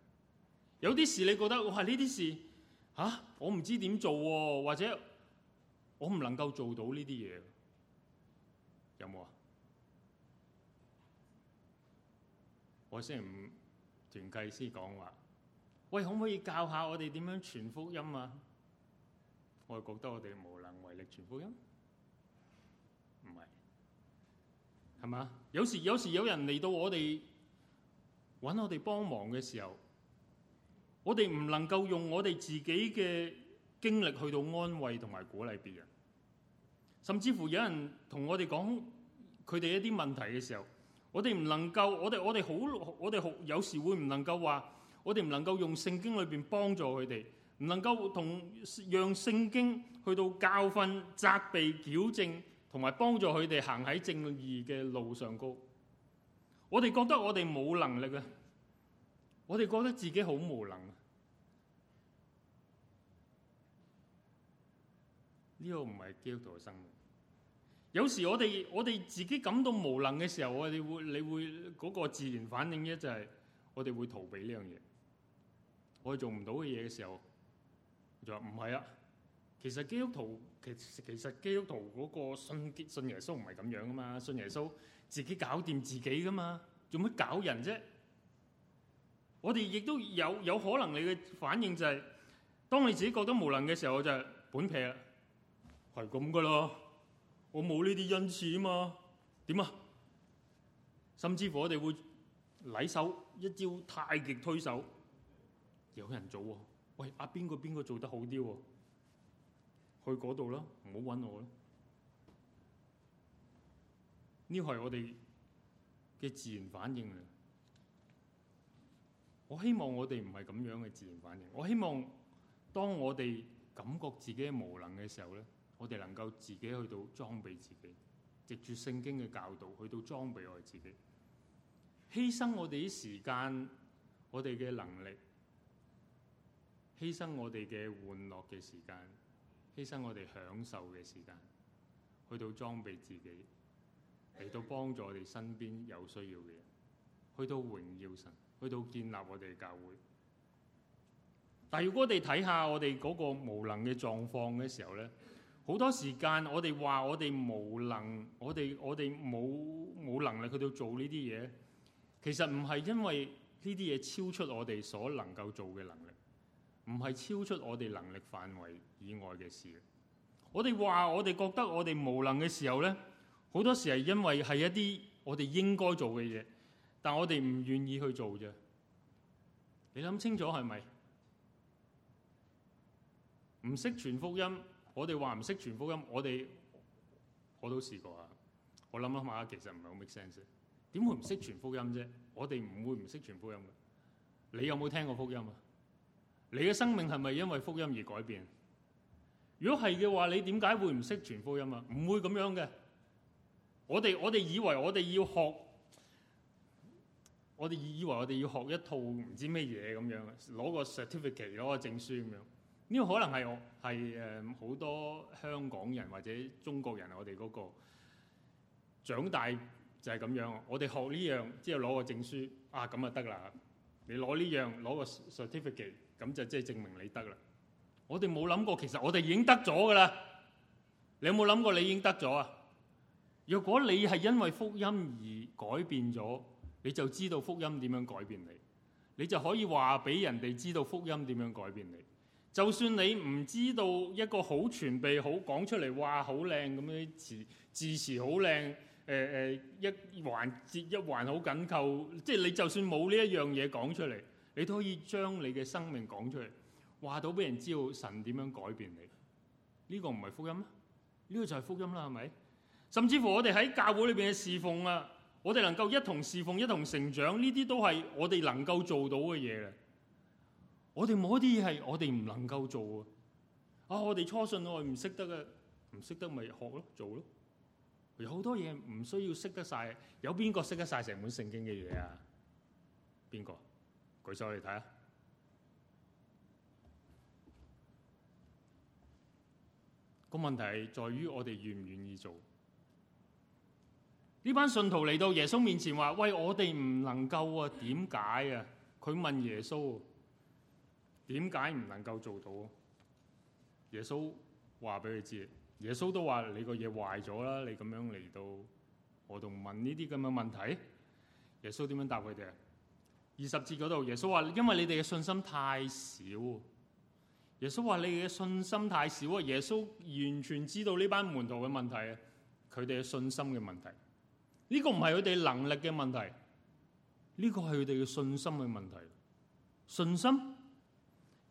有啲事你覺得哇呢啲事？吓、啊，我唔知點做喎、啊，或者我唔能夠做到呢啲嘢，有冇啊？我星期五團契師講話，喂，可唔可以教下我哋點樣傳福音啊？我覺得我哋無能為力傳福音，唔係，係嘛？有時有時有人嚟到我哋搵我哋幫忙嘅時候。我哋唔能夠用我哋自己嘅經歷去到安慰同埋鼓勵別人，甚至乎有人同我哋講佢哋一啲問題嘅時候，我哋唔能夠，我哋我哋好，我哋好，我哋好有時會唔能夠話，我哋唔能夠用聖經裏邊幫助佢哋，唔能夠同讓聖經去到教訓、責備、矯正同埋幫助佢哋行喺正義嘅路上高。我哋覺得我哋冇能力啊！我哋覺得自己好無能，呢個唔係基督徒嘅生活。有時我哋我哋自己感到無能嘅時候，我哋會你會嗰個自然反應咧，就係我哋會逃避呢樣嘢。我哋做唔到嘅嘢嘅時候，就話唔係啊。其實基督徒其實其實基督徒嗰個信信耶穌唔係咁樣噶嘛，信耶穌自己搞掂自己噶嘛，做乜搞人啫？我哋亦都有有可能你嘅反應就係、是，當你自己覺得無能嘅時候就係、是、本撇啦，係咁噶咯。我冇呢啲恩賜啊嘛，點啊？甚至乎我哋會攏手一招太極推手，有人做喎、啊。喂，阿、啊、邊個邊個做得好啲喎、啊？去嗰度啦，唔好搵我啦。呢個係我哋嘅自然反應嚟。我希望我哋唔係咁樣嘅自然反應。我希望當我哋感覺自己無能嘅時候咧，我哋能夠自己去到裝備自己，藉住聖經嘅教導去到裝備我自己，犧牲我哋啲時間，我哋嘅能力，犧牲我哋嘅玩樂嘅時間，犧牲我哋享受嘅時間，去到裝備自己，嚟到幫助我哋身邊有需要嘅人，去到榮耀神，去到建立我哋嘅教會，但如果我哋睇下我哋嗰個無能嘅狀況嘅時候咧，好多時間我哋話我哋無能，我哋我哋冇冇能力去到做呢啲嘢，其實唔係因為呢啲嘢超出我哋所能夠做嘅能力，唔係超出我哋能力範圍以外嘅事。我哋話我哋覺得我哋無能嘅時候咧，好多時係因為係一啲我哋應該做嘅嘢。但我哋唔願意去做啫。你諗清楚係咪？唔識傳福音，我哋話唔識傳福音，我哋我都試過啊。我諗諗下，其實唔係好 make sense。點會唔識傳福音啫？我哋唔會唔識傳福音嘅。你有冇聽過福音啊？你嘅生命係咪因為福音而改變？如果係嘅話，你點解會唔識傳福音啊？唔會咁樣嘅。我哋我哋以為我哋要學。我哋以為我哋要學一套唔知咩嘢咁樣，攞個 certificate 攞個證書咁樣。呢個可能係我係誒好多香港人或者中國人，我哋嗰、嗰個長大就係咁樣。我哋學呢樣之後攞個證書啊，咁就得啦！你攞呢樣攞個 certificate，咁就即係證明你得啦。我哋冇諗過，其實我哋已經得咗噶啦。你有冇諗過你已經得咗啊？若果你係因為福音而改變咗，你就知道福音點樣改變你，你就可以話俾人哋知道福音點樣改變你。就算你唔知道一個好傳遞、好講出嚟，哇，好靚咁樣字字詞好靚，誒、欸、誒、欸、一環接一環好緊扣，即、就、係、是、你就算冇呢一樣嘢講出嚟，你都可以將你嘅生命講出嚟，話到俾人知道神點樣改變你。呢、這個唔係福音嗎？呢、這個就係福音啦，係咪？甚至乎我哋喺教會裏邊嘅侍奉啊！我哋能夠一同侍奉、一同成長，呢啲都係我哋能夠做到嘅嘢啦。我哋冇一啲嘢係我哋唔能夠做啊！啊，我哋初信我哋唔識得嘅，唔識得咪學咯，做咯。有好多嘢唔需要識得晒，有邊個識得晒成本聖經嘅嘢啊？邊個？舉手嚟睇啊！個問題在於我哋願唔願意做。呢班信徒嚟到耶穌面前，話，喂，我哋唔能夠啊？點解啊？佢問耶穌，點解唔能夠做到？耶穌話俾佢知，耶穌都話你個嘢壞咗啦。你咁樣嚟到我度問呢啲咁嘅問題，耶穌點樣答佢哋啊？二十節嗰度，耶穌話，因為你哋嘅信心太少。耶穌話你哋嘅信心太少啊！耶穌完全知道呢班門徒嘅問題啊，佢哋嘅信心嘅問題。他呢、這個唔係佢哋能力嘅問題，呢、這個係佢哋嘅信心嘅問題。信心，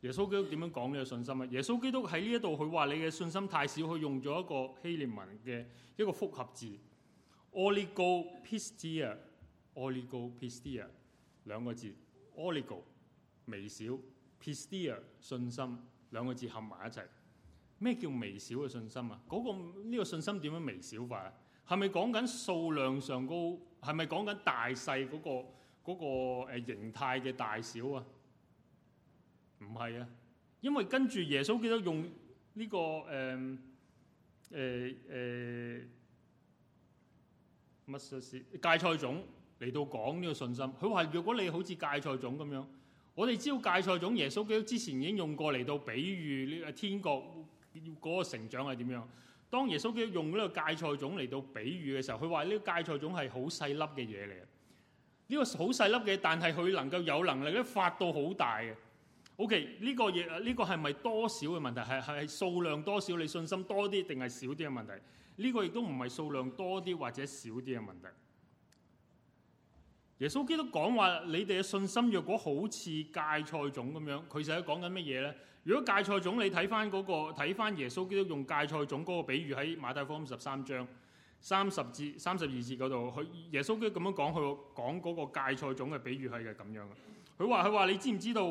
耶穌基督點樣講呢個信心啊？耶穌基督喺呢一度佢話你嘅信心太少，佢用咗一個希臘文嘅一個複合字，oligo pistia，oligo pistia 兩個字，oligo 微小，pistia 信心兩個字合埋一齊。咩叫微小嘅信心啊？嗰、那個呢、這個信心點樣微小法？係咪講緊數量上高？係咪講緊大細嗰個嗰個誒形態嘅大小啊？唔係啊，因為跟住耶穌記得用呢個誒誒誒乜嘢事？芥菜種嚟到講呢個信心。佢話：如果你好似芥菜種咁樣，我哋知道芥菜種，耶穌記得之前已經用過嚟到比喻呢個天國嗰個成長係點樣？當耶穌基督用呢個芥菜種嚟到比喻嘅時候，佢話呢個芥菜種係好細粒嘅嘢嚟嘅，呢個好細粒嘅，但係佢能夠有能力咧發到好大嘅。OK，呢個亦呢個係咪多少嘅問題？係係數量多少你信心多啲定係少啲嘅問題？呢個亦都唔係數量多啲或者少啲嘅問題。耶穌基督講話你哋嘅信心若果好似芥菜種咁樣，佢就喺講緊乜嘢咧？如果芥菜種，你睇翻嗰個睇翻耶穌基督用芥菜種嗰個比喻喺馬太福音十三章三十至三十二節嗰度，佢耶穌基督咁樣講，佢講嗰個芥菜種嘅比喻係嘅咁樣，佢話佢話你知唔知道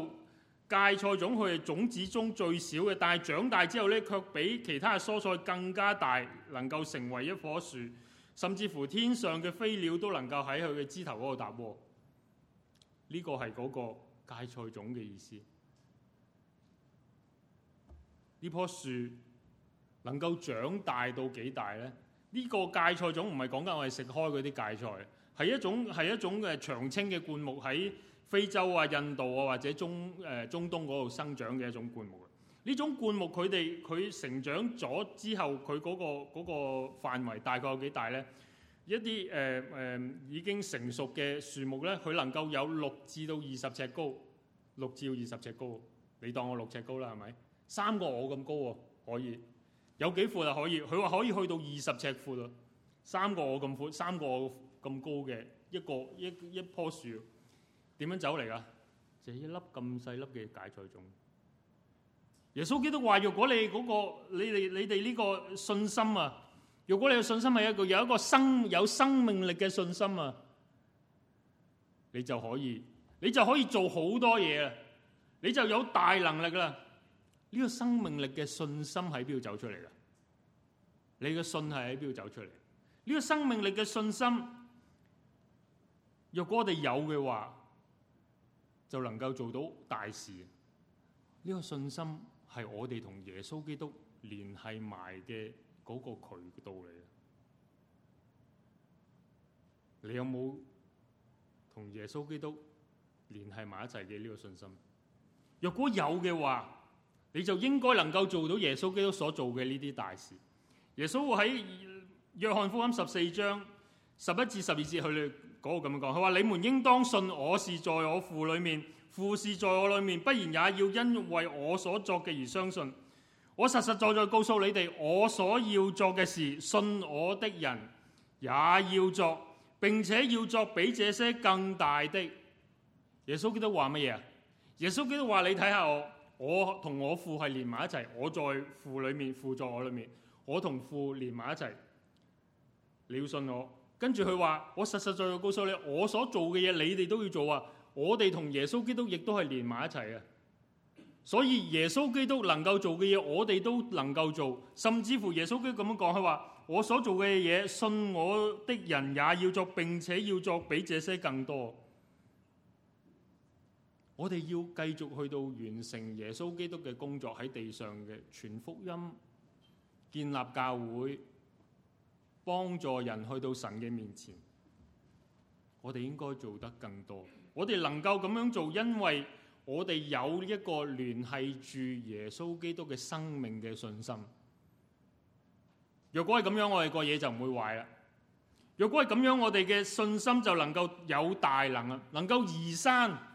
芥菜種佢係種子中最小嘅，但係長大之後咧，卻比其他嘅蔬菜更加大，能夠成為一棵樹，甚至乎天上嘅飛鳥都能夠喺佢嘅枝頭嗰度搭窩。呢、這個係嗰個芥菜種嘅意思。呢棵樹能夠長大到幾大呢？呢、呢個芥菜種唔係講緊我哋食開嗰啲芥菜，係一種係一種嘅長青嘅灌木喺非洲啊、印度啊或者中誒、呃、中東嗰度生長嘅一種灌木。呢種灌木佢哋佢成長咗之後，佢嗰、嗰個嗰、嗰個範圍大概有幾大呢？一啲誒誒已經成熟嘅樹木呢，佢能夠有六至到二十尺高，六至到二十尺高，你當我六尺高啦，係咪？三個我咁高喎啊，可以有幾闊啊？可以，佢話可以去到二十尺闊咯啊。三個我咁闊，三個我咁高嘅一個一一棵樹，點樣走嚟噶？就係一粒咁細粒嘅芥菜種。耶穌基督話：若果你嗰個你哋你哋呢個信心啊，若果你嘅信心係一個有一個生有生命力嘅信心啊，你就可以你就可以做好多嘢啦，你就有大能力啦。呢、個生命力嘅信心喺邊度走出嚟噶？你嘅信係喺邊度走出嚟？呢、個生命力嘅信心，若果我哋有嘅話，就能夠做到大事。呢、個信心係我哋同耶穌基督聯繫埋嘅嗰個渠道嚟。你有冇同耶穌基督聯繫埋一齊嘅呢個信心？若果有嘅話，你就應該能夠做到耶穌基督所做嘅呢啲大事。耶穌會喺約翰福音十四章十一至十二節去嗰個咁樣講，佢話：你們應當信我是在我父裏面，父是在我裏面，不然也要因為我所作嘅而相信。我實實在在告訴你哋，我所要做嘅事，信我的人也要作，並且要作比這些更大的。耶穌基督話乜嘢？耶穌基督話：你睇下我。我同我父係連埋一齊，我在父裏面，父在我裏面，我同父連埋一齊。你要信我。跟住佢話，我實實在在告訴你，我所做嘅嘢，你哋都要做啊！我哋同耶穌基督亦都係連埋一齊啊。所以耶穌基督能夠做嘅嘢，我哋都能夠做，甚至乎耶穌基督咁樣講，佢話我所做嘅嘢，信我的人也要做，並且要作比這些更多。我哋要繼續去到完成耶穌基督嘅工作喺地上嘅傳福音，建立教會，幫助人去到神嘅面前。我哋應該做得更多。我哋能夠咁樣做，因為我哋有一個聯繫住耶穌基督嘅生命嘅信心。若果係咁樣，我哋個嘢就唔會壞啦。若果係咁樣，我哋嘅信心就能夠有大能啊，能夠移山。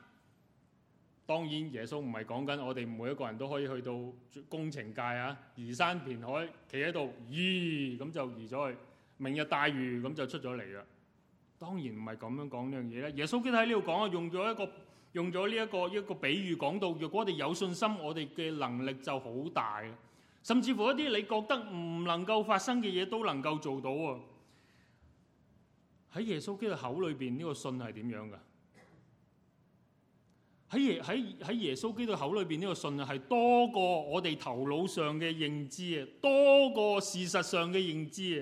當然，耶穌唔係講緊我哋每一個人都可以去到工程界啊，移山填海，企喺度，咦咁就移咗去，明日大嶼咁就出咗嚟啦。當然唔係咁樣講呢樣嘢咧。耶穌基督喺呢度講啊，用咗一個，用咗呢一個一個比喻，講到若果我哋有信心，我哋嘅能力就好大，甚至乎一啲你覺得唔能夠發生嘅嘢，都能夠做到喎。喺耶穌基督口裏邊呢個信係點樣噶？喺耶喺喺耶穌基督口裏邊呢個信啊，係多過我哋頭腦上嘅認知啊，多過事實上嘅認知啊，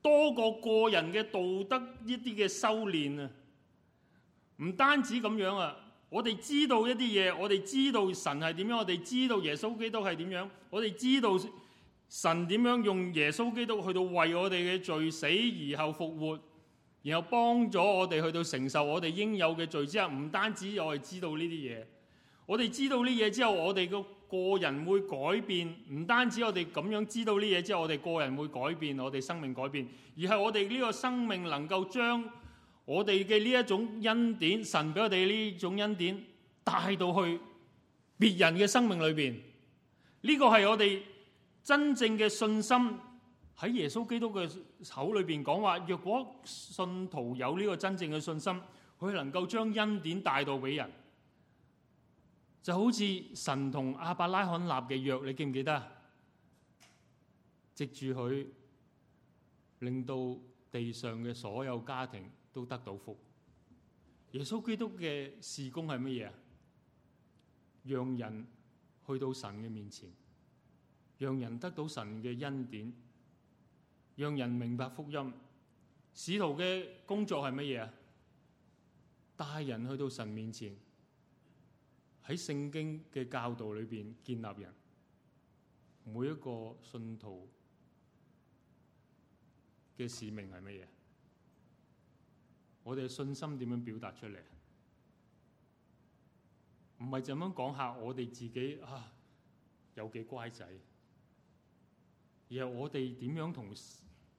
多過個人嘅道德一啲嘅修煉啊。唔單止咁樣啊，我哋知道一啲嘢，我哋知道神係點樣，我哋知道耶穌基督係點樣，我哋知道神點樣，樣用耶穌基督去到為我哋嘅罪死而後復活。然後幫咗我哋去到承受我哋應有嘅罪之後，唔單止我哋知道呢啲嘢，我哋知道呢嘢之後，我哋個個人會改變。唔單止我哋咁樣知道呢嘢之後，我哋個人會改變，我哋生命改變，而係我哋呢個生命能夠將我哋嘅呢一種恩典，神俾我哋呢種恩典帶到去別人嘅生命裏面。呢個係我哋真正嘅信心。喺耶穌基督嘅口裏邊講話，若果信徒有呢個真正嘅信心，佢能夠將恩典帶到俾人，就好似神同亞伯拉罕立嘅約，你記唔記得啊？藉住佢令到地上嘅所有家庭都得到福。耶穌基督嘅事工係乜嘢啊？讓人去到神嘅面前，讓人得到神嘅恩典。讓人明白福音，使徒嘅工作係乜嘢啊？帶人去到神面前，喺聖經嘅教導裏面建立人。每一個信徒嘅使命係乜嘢？我哋信心點樣表達出嚟？唔係就咁樣講下我哋自己啊，有幾乖仔，而係我哋點樣同？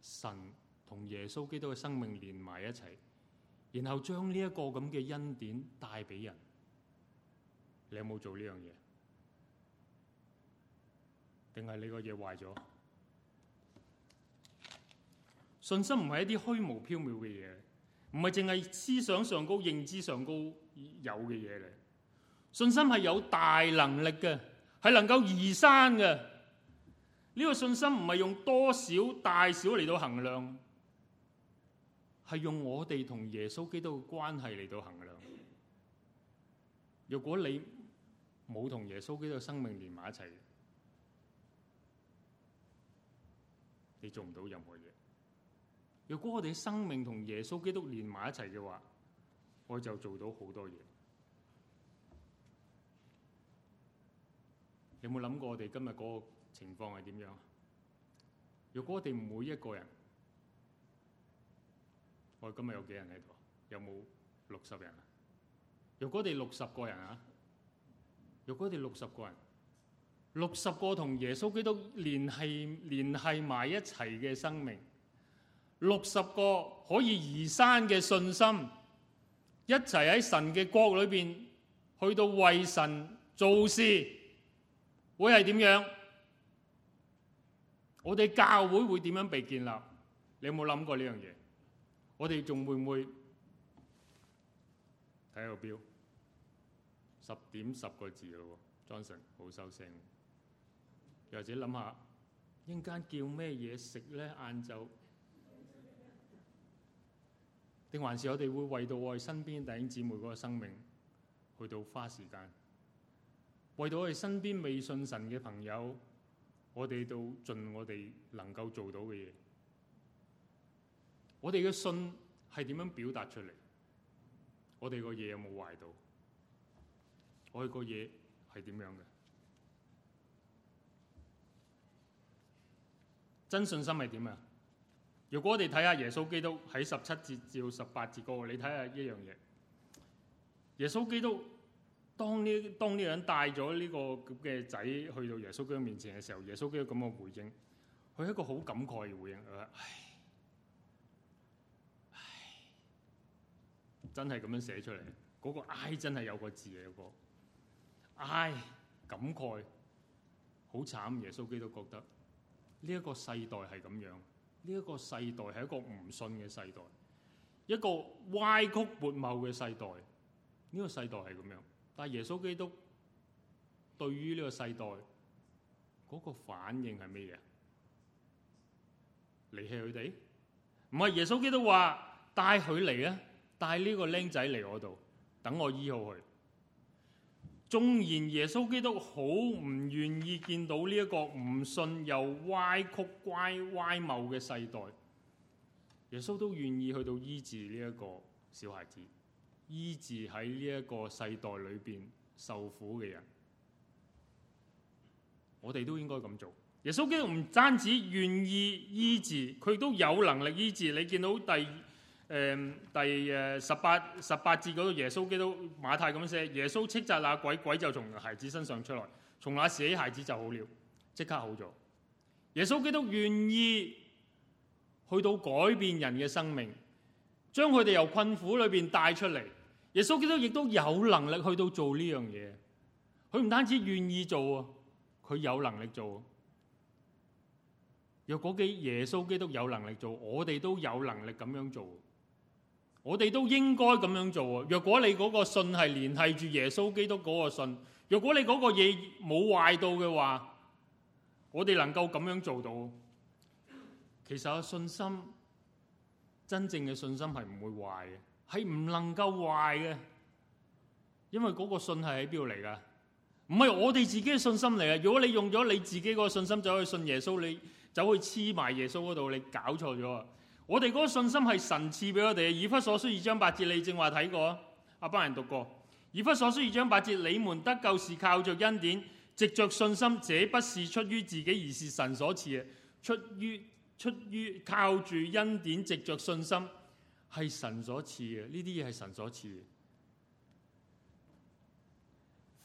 神同耶穌基督嘅生命連埋一齊，然後將呢一個咁嘅恩典帶俾人，你有冇做呢樣嘢？定係你個嘢壞咗？信心唔係一啲虛無縹緲嘅嘢，唔係淨係思想上高、認知上高有嘅嘢嚟。信心係有大能力嘅，係能夠移山嘅。呢、個信心唔係用多少大小嚟到衡量，係用我哋同耶穌基督嘅關係嚟到衡量。如果你冇同耶穌基督嘅生命連埋一齊，你做唔到任何嘢。如果我哋生命同耶穌基督連埋一齊嘅話，我就做到好多嘢。有冇諗過我哋今日嗰個？情況係點樣？若果我哋每一個人，我哋今日有幾人喺度？有冇六十人？若果我哋六十個人啊，若果我哋六十個人，六十個同耶穌基督聯繫聯繫埋一齊嘅生命，六十個可以移山嘅信心，一齊喺神嘅國裏邊去到為神做事，會係點樣？我哋教會會點樣被建立？你有冇諗過呢樣嘢？我哋仲會唔會睇下個表？十點十個字咯，Johnson，好收聲。又或者諗下一陣間叫咩嘢食咧？晏晝定還是我哋會為到愛身邊的弟兄姊妹嗰個生命去到花時間？為到我哋身邊未信神嘅朋友？我哋到盡，我哋能夠做到嘅嘢。我哋嘅信係點樣表達出嚟？我哋個嘢有冇壞到？我哋個嘢係點樣嘅？真信心係點啊？如果我哋睇下耶穌基督喺十七節至十八節嗰個，你睇下一樣嘢。耶穌基督。當呢當呢個人帶咗呢個嘅仔去到耶穌基督面前嘅時候，耶穌基督咁嘅回應，佢係一個好感慨嘅回應。佢話：唉唉，真係咁樣寫出嚟嗰、嗰個唉真係有個字嘅、嗰個唉感慨好慘。耶穌基督覺得呢一個世代係咁樣，呢、這、一個世代係一個唔信嘅世代，一個歪曲悖謬嘅世代。呢、這個世代係咁樣。但耶穌基督對於呢個世代嗰個反應係咩嘢？離棄佢哋？唔係，耶穌基督話帶佢嚟啊，帶呢個僆仔嚟我度，等我醫好佢。縱然耶穌基督好唔願意見到呢一個唔信又歪曲、乖歪貌嘅世代，耶穌都願意去到醫治呢一個小孩子。醫治喺呢一個世代裏邊受苦嘅人，我哋都應該咁做。耶穌基督唔單止願意醫治，佢都有能力醫治。你見到第誒、呃、第誒十八十八節嗰度，耶穌基督馬太咁寫，耶穌斥責那鬼，鬼就從孩子身上出來，從那時孩子就好了，即刻好咗。耶穌基督願意去到改變人嘅生命，將佢哋由困苦裏邊帶出嚟。耶穌基督亦都有能力去到做呢樣嘢，佢唔單止願意做啊，佢有能力做。若果耶穌基督有能力做，我哋都有能力咁樣做，我哋都應該咁樣做啊。若果你嗰個信係連繫住耶穌基督嗰個信，若果你嗰個嘢冇壞到嘅話，我哋能夠咁樣做到。其實信心，真正嘅信心係唔會壞嘅。係唔能夠壞嘅，因為嗰個信係喺邊度嚟噶？唔係我哋自己嘅信心嚟啊！如果你用咗你自己嗰個信心走去信耶穌，你走去黐埋耶穌嗰度，你搞錯咗啊！我哋嗰個信心係神賜俾我哋《以弗所書二章八節》你，你正話睇過啊？阿班人讀過《以弗所書二章八節》，你們得救是靠着恩典，藉着信心，這不是出於自己，而是神所賜嘅，出於出於靠住恩典藉着信心。係神所賜嘅，呢啲嘢係神所賜嘅。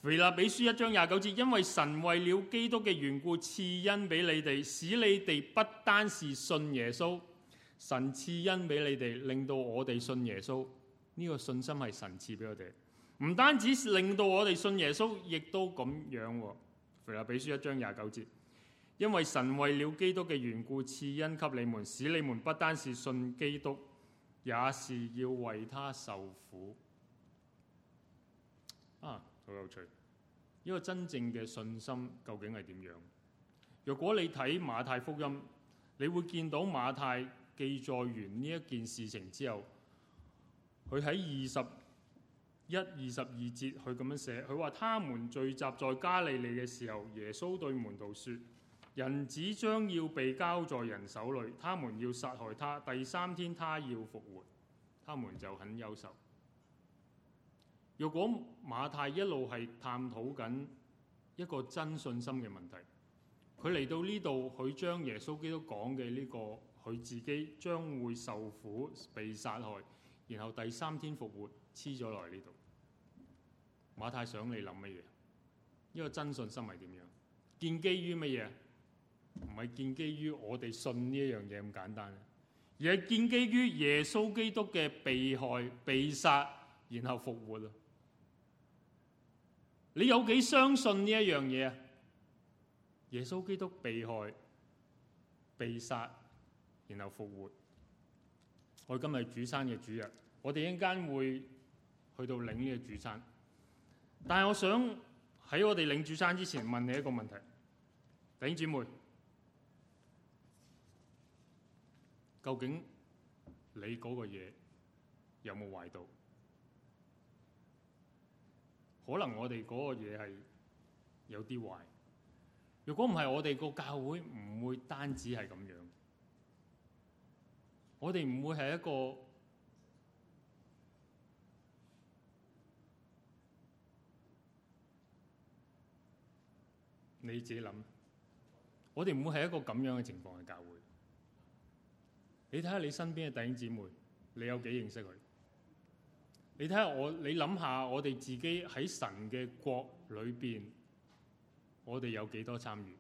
腓立比書一章廿九節，因為神為了基督嘅緣故賜恩俾你哋，使你哋不單是信耶穌，神賜恩俾你哋，令到我哋信耶穌。呢、這個信心係神賜俾我哋，唔單止令到我哋信耶穌，亦都咁樣、啊。腓立比書一章廿九節，因為神為了基督嘅緣故賜恩給你們，使你們不單是信基督。也是要為他受苦啊！好有趣，一個真正嘅信心究竟係點樣？如果你睇馬太福音，你會見到馬太記載完呢一件事情之後，佢喺二十一、二十二節佢咁樣寫，佢話：他們聚集在加利利嘅時候，耶穌對門徒說。人子將要被交在人手裏，他們要殺害他。第三天他要復活，他們就很憂愁。若果馬太一路係探討緊一個真信心嘅問題，佢嚟到呢度，佢將耶穌基督講嘅呢個佢自己將會受苦、被殺害，然後第三天復活黐咗落嚟呢度。馬太想你諗乜嘢？呢、這個真信心係點樣？建基於乜嘢？唔係建基於我哋信呢一樣嘢咁簡單，而係建基於耶穌基督嘅被害、被殺，然後復活。你有幾相信呢一樣嘢啊？耶穌基督被害、被殺，然後復活。我今日主餐嘅主日，我哋一間會去到領呢個主餐。但係我想喺我哋領主餐之前，問你一個問題，弟兄姊妹。究竟你嗰個嘢有冇壞到？可能我哋嗰個嘢係有啲壞。如果唔係，我哋個教會唔會單止係咁樣。我哋唔會係一個。你自己諗，我哋唔會係一個咁樣嘅情況嘅教會。你睇下你身邊嘅弟兄姊妹，你有幾認識佢？你睇下我，你諗下我哋自己喺神嘅國裏邊，我哋有幾多參與？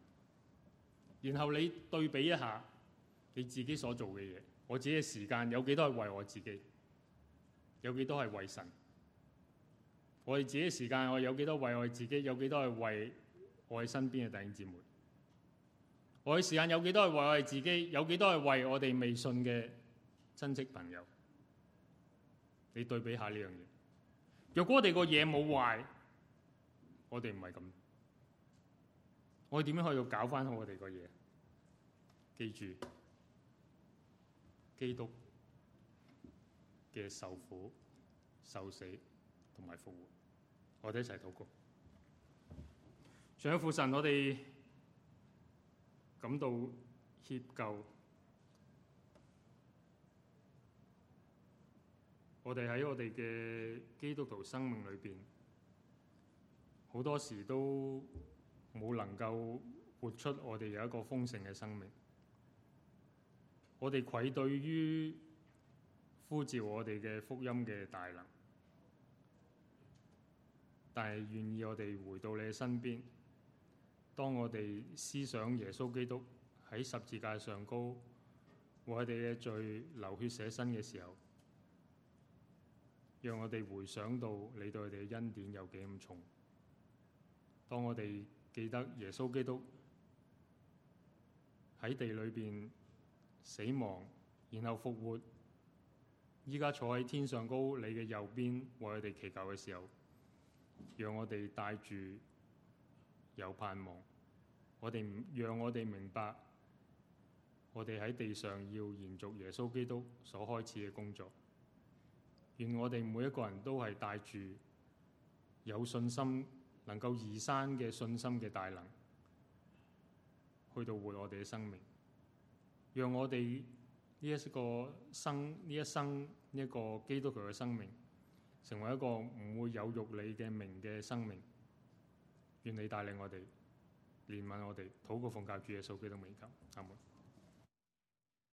然後你對比一下你自己所做嘅嘢，我自己嘅時間有幾多係為我自己？有幾多係為神？我哋自己嘅時間我有幾多為我自己？有幾多係為我哋身邊嘅弟兄姊妹？我嘅時間有幾多係為我哋自己？有幾多係為我哋未信嘅親戚朋友？你對比下呢樣嘢。若果我哋個嘢冇壞，我哋唔係咁。我哋點樣可以搞返好我哋個嘢？記住，基督嘅受苦、受死同埋復活，我哋一齊禱告。上父神，我哋。感到歉疚，我哋喺我哋嘅基督徒生命裏邊，好多時都冇能夠活出我哋有一個豐盛嘅生命。我哋愧對於呼召我哋嘅福音嘅大能，但願意我哋回到你的身邊。當我哋思想耶穌基督喺十字架上高，為我哋嘅罪流血捨身嘅時候，讓我哋回想到你對我哋嘅恩典有幾咁重。當我哋記得耶穌基督喺地裏面死亡，然後復活，而家坐喺天上高你嘅右邊為我哋祈求嘅時候，讓我哋帶住。有盼望，我哋唔讓我哋明白，我哋喺地上要延續耶穌基督所開始嘅工作。願我哋每一個人都係帶住有信心，能夠移山嘅信心嘅大能，去到活我哋嘅生命。讓我哋呢一個生呢一生呢一個基督徒嘅生命，成為一個唔會有辱你嘅名嘅生命。願你帶領我哋，憐憫我哋，禱告奉教主嘅數據都未夠，阿門。